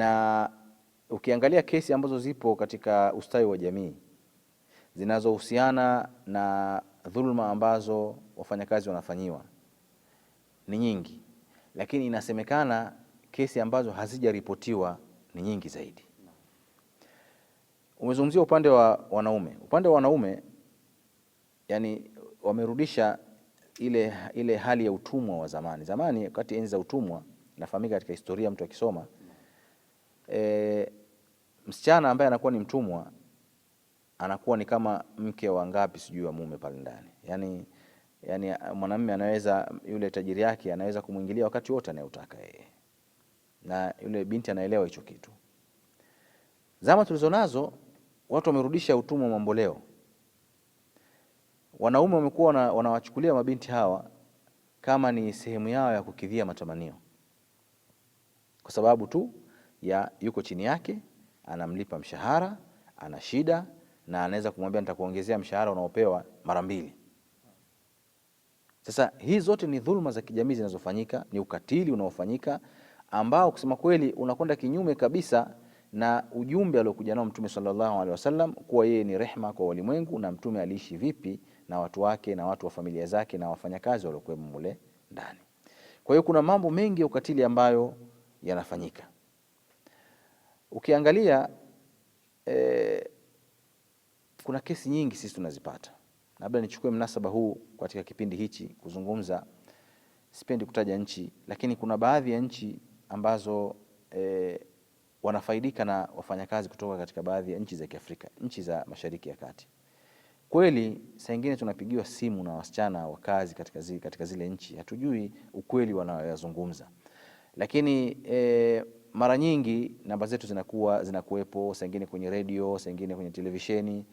Na ukiangalia kesi ambazo zipo katika ustawi wa jamii zinazohusiana na dhuluma ambazo wafanyakazi wanafanyiwa ni nyingi, lakini inasemekana kesi ambazo hazijaripotiwa ni nyingi zaidi. Umezungumzia upande wa wanaume. Upande wa wanaume yani, wamerudisha ile, ile hali ya utumwa wa zamani. Zamani wakati enzi za utumwa, inafahamika katika historia, mtu akisoma e, msichana ambaye anakuwa ni mtumwa anakuwa ni kama mke wa ngapi sijui wa mume pale ndani yani, yani ah, mwanamume anaweza yule tajiri yake anaweza kumwingilia wakati wote anayotaka yeye, na yule binti anaelewa hicho kitu. Zama tulizonazo watu wamerudisha utumwa mamboleo. Wanaume wamekuwa wanawachukulia mabinti hawa kama ni sehemu yao ya kukidhia matamanio kwa sababu tu ya yuko chini yake, anamlipa mshahara, ana shida, na anaweza kumwambia nitakuongezea mshahara unaopewa mara mbili. Sasa hizi zote ni dhulma za kijamii zinazofanyika, ni ukatili unaofanyika ambao kusema kweli unakwenda kinyume kabisa na ujumbe aliokuja nao Mtume sallallahu alaihi wasallam kuwa yeye ni rehma kwa walimwengu. Na Mtume aliishi vipi na watu wake na watu wa familia zake na wafanyakazi waliokuwemo mule ndani? Kwa hiyo kuna mambo mengi ya ukatili ambayo yanafanyika. Ukiangalia e, kuna kesi nyingi sisi tunazipata. Labda nichukue mnasaba huu katika kipindi hichi kuzungumza, sipendi kutaja nchi, lakini kuna baadhi ya nchi ambazo e, wanafaidika na wafanyakazi kutoka katika baadhi ya nchi za Kiafrika, nchi za Mashariki ya Kati. Kweli saa ingine tunapigiwa simu na wasichana wa kazi katika zile, katika zile nchi, hatujui ukweli wanayazungumza lakini e, mara nyingi namba zetu zinakuwa zinakuwepo, sengine kwenye redio, sengine kwenye televisheni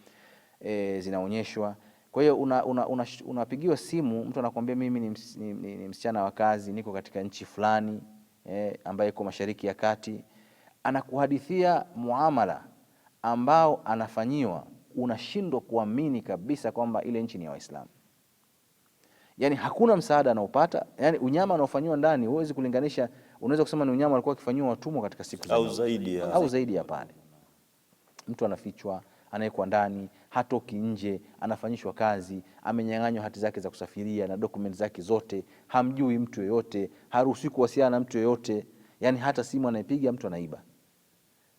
e, zinaonyeshwa. Kwa hiyo unapigiwa una, una, una simu, mtu anakuambia mimi ni, ms, ni, ni, ni msichana wa kazi, niko katika nchi fulani e, ambayo iko Mashariki ya Kati, anakuhadithia muamala ambao anafanyiwa, unashindwa kuamini kabisa kwamba ile nchi ni ya Waislamu. Yani hakuna msaada anaopata, yani unyama anaofanyiwa ndani, huwezi kulinganisha unaweza kusema ni unyama alikuwa akifanyiwa watumwa katika siku au zaidi ya au zaidi ya pale. Mtu anafichwa, anawekwa ndani, hatoki nje, anafanyishwa kazi, amenyang'anywa hati zake za kusafiria na dokumenti zake zote, hamjui mtu yoyote, haruhusiwi kuwasiliana na mtu yoyote, yani hata simu anayepiga mtu anaiba.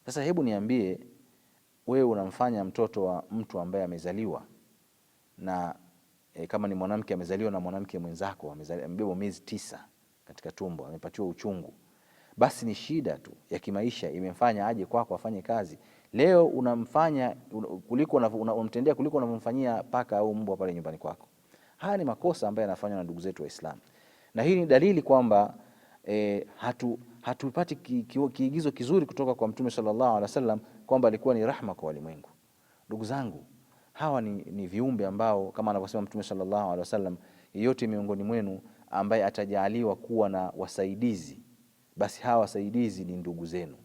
Sasa hebu niambie wewe, unamfanya mtoto wa mtu ambaye amezaliwa na e, kama ni mwanamke amezaliwa na mwanamke mwenzako amebeba miezi tisa katika tumbo, amepatiwa uchungu, basi ni shida tu ya kimaisha imemfanya aje kwako afanye kazi. Leo unamfanya kuliko unamtendea kuliko unamfanyia paka au mbwa pale nyumbani kwako. Haya ni makosa ambayo yanafanywa na ndugu zetu Waislamu, na hii ni dalili kwamba e, hatu hatupati kiigizo ki, ki, kizuri kutoka kwa Mtume sallallahu alaihi wasallam kwamba alikuwa ni rahma kwa walimwengu. Ndugu zangu, hawa ni, ni viumbe ambao kama anavyosema Mtume sallallahu alaihi wasallam, yeyote miongoni mwenu ambaye atajaaliwa kuwa na wasaidizi, basi hawa wasaidizi ni ndugu zenu.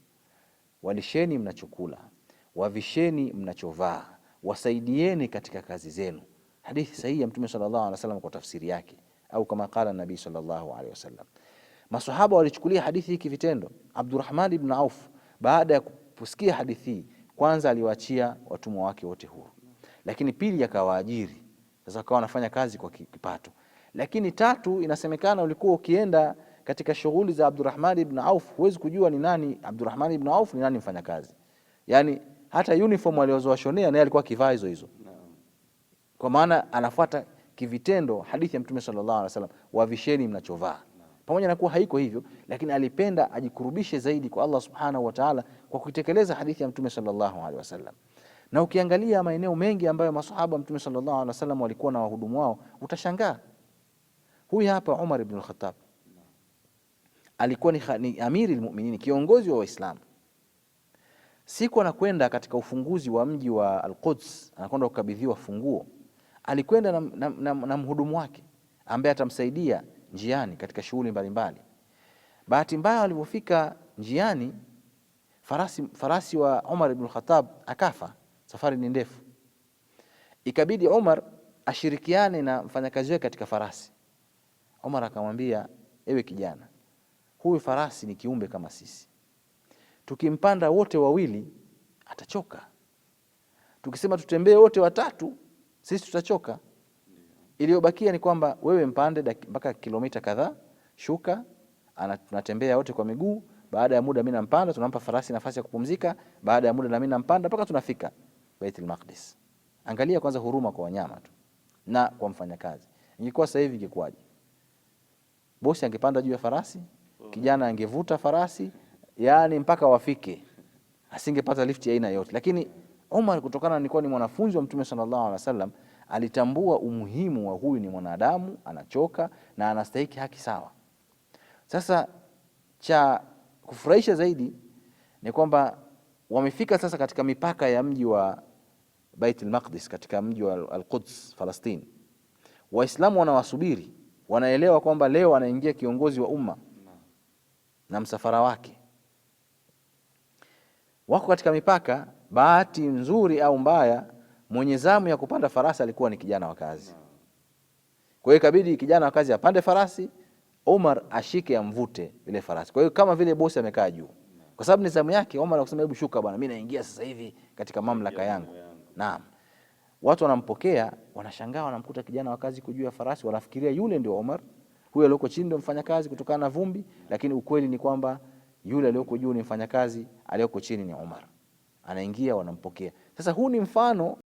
Walisheni mnachokula, wavisheni mnachovaa, wasaidieni katika kazi zenu. Hadithi sahihi ya Mtume sallallahu alaihi wasallam kwa tafsiri yake, au kama kala Nabii sallallahu alaihi wasallam. Masahaba walichukulia hadithi hii kivitendo. Abdurrahman ibn Auf baada ya kusikia hadithi hii, kwanza aliwaachia watumwa wake wote huru, lakini pili akawaajiri. Sasa akawa anafanya kazi kwa kipato lakini tatu, inasemekana ulikuwa ukienda katika shughuli za Abdurrahman ibn Auf, huwezi kujua ni nani Abdurrahman ibn Auf, ni nani mfanyakazi. Yani hata uniform alizowashonea naye alikuwa akivaa hizo hizo, kwa maana anafuata kivitendo hadithi ya Mtume sallallahu alaihi wasallam, wavisheni mnachovaa pamoja na kuwa haiko hivyo, lakini alipenda ajikurubishe zaidi kwa Allah subhanahu wa ta'ala kwa kutekeleza hadithi ya Mtume sallallahu alaihi wasallam. Na ukiangalia maeneo mengi ambayo masahaba wa Mtume sallallahu alaihi wasallam walikuwa na wahudumu wao, utashangaa Huyu hapa Umar ibn al-Khattab alikuwa ni, ni amiri al-mu'minin, kiongozi wa Waislamu. Siku anakwenda katika ufunguzi wa mji wa Al-Quds, anakwenda kukabidhiwa funguo. Alikwenda na, na, na, na mhudumu wake ambaye atamsaidia njiani katika shughuli mbalimbali. Bahati mbaya walipofika njiani, farasi, farasi wa Umar ibn al-Khattab akafa. Safari ni ndefu, ikabidi Umar ashirikiane na mfanyakazi wake katika farasi Omar akamwambia, ewe kijana, huyu farasi ni kiumbe kama sisi, tukimpanda wote wawili atachoka, tukisema tutembee wote watatu sisi tutachoka. Iliyobakia ni kwamba wewe mpande mpaka kilomita kadhaa, shuka, tunatembea wote kwa miguu. Baada ya muda mimi nampanda, tunampa farasi nafasi ya kupumzika. Baada ya muda na mimi nampanda mpaka tunafika Baitul Maqdis. Angalia kwanza huruma kwa wanyama tu na kwa mfanyakazi. Ingekuwa sasa hivi ingekuwaje? bosi angepanda juu ya farasi, oh. kijana angevuta farasi, yani mpaka wafike, asingepata lifti aina yote. Lakini Umar kutokana nilikuwa ni mwanafunzi wa Mtume sallallahu alaihi wasallam alitambua umuhimu wa huyu ni mwanadamu, anachoka na anastahiki haki sawa. Sasa cha kufurahisha zaidi ni kwamba wamefika sasa katika mipaka ya mji wa Baitul Maqdis katika mji wa Al-Quds Palestine, Waislamu wanawasubiri wanaelewa kwamba leo anaingia kiongozi wa umma na msafara wake, wako katika mipaka. Bahati nzuri au mbaya, mwenye zamu ya kupanda farasi alikuwa ni kijana wa kazi. Kwa hiyo ikabidi kijana wa kazi apande farasi, Omar ashike amvute ile farasi. Kwa hiyo kama vile bosi amekaa juu, kwa sababu ni zamu yake. Omar akusema, hebu shuka bwana, mimi naingia sasa hivi katika mamlaka yangu. Naam. Watu wanampokea wanashangaa, wanamkuta kijana wa kazi kujua farasi, wanafikiria yule ndio Omar, huyo aliyoko chini ndio mfanyakazi kutokana na vumbi, lakini ukweli ni kwamba yule aliyoko juu ni mfanyakazi, aliyoko chini ni Omar. Anaingia, wanampokea. Sasa huu ni mfano